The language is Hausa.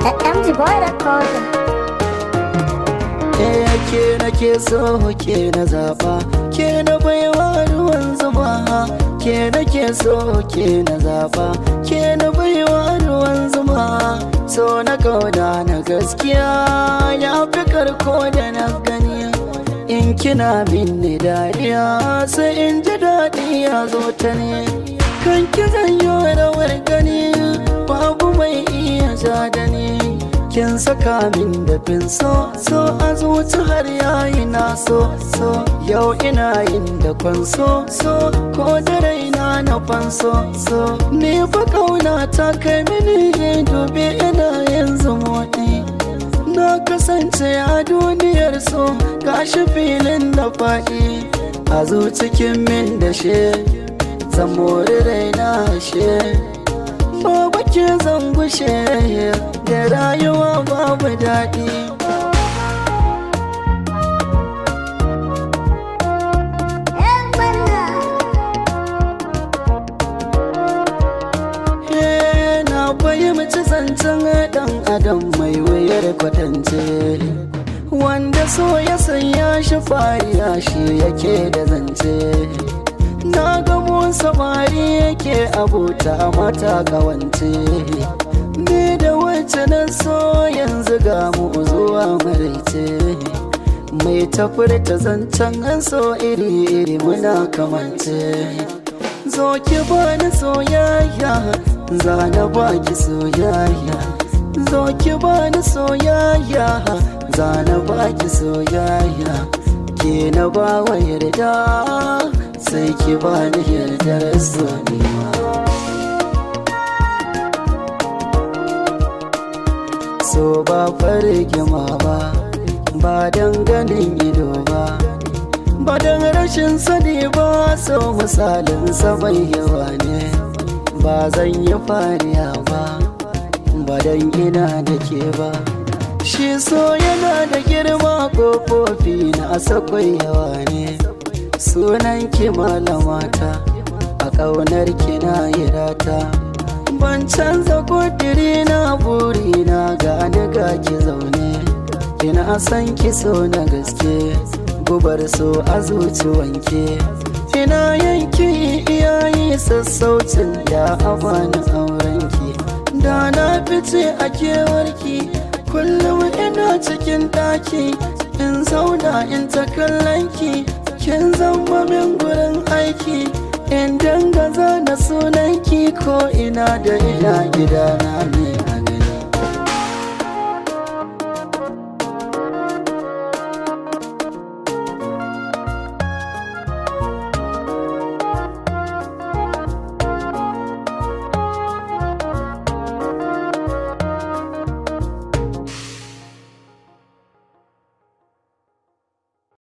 MD Ke ke nake so ke na zaba ke na baiwa ruwan zuma ke nake so ke na zaba ke na baiwa ruwan zuma so na kauda na gaskiya ya fi karko da na gani in kina ne dariya sai in ji daɗi ya zo ta ne kan ki zanyo rawar gani babu mai kin saka min fin so so a zuci har yayi na so so yau ina yin da kwan so so ko da raina na kwan so so ni fa kauna ta kai mini dubi ina yanzu motsi na kasance a duniyar so gashi filin da faɗi a kin min da she zan raina she zan gushe da rayuwa babu daɗi fahimci zancen ɗan adam mai wuyar kwatance wanda so ya sanya shi fariya shi yake da zance na ga san samari yake abota mata kawance ni da wacce nan so yanzu ga mu zuwa maraice mai tafir ta zancen an so iri iri muna kamance zo ki bani soyayya zana baki soyayya zo ki bani soyayya zana baki soyayya ke na bawa yarda sai ki bani yardar zanima so ba fargima ba ba don ganin ido ba ba don rashin sani ba so misalin bai yawa ne ba zan yi fariya ba ba don ina da ke ba shi so yana da girma kofofi na sakwai yawa ne sunan ki malamata a ƙaunar ki na irata ban canza kudiri na buri na ga ga ki zaune kina san ki so na gaske gubar so a Ina kina yanki iyayi sassaucin ya auren aurenki da na fice a kewarki kullum ina cikin daki in zauna in ta kallonki kin zama min gurin aiki in dangaza da sunanki ko ina da ina gidana ne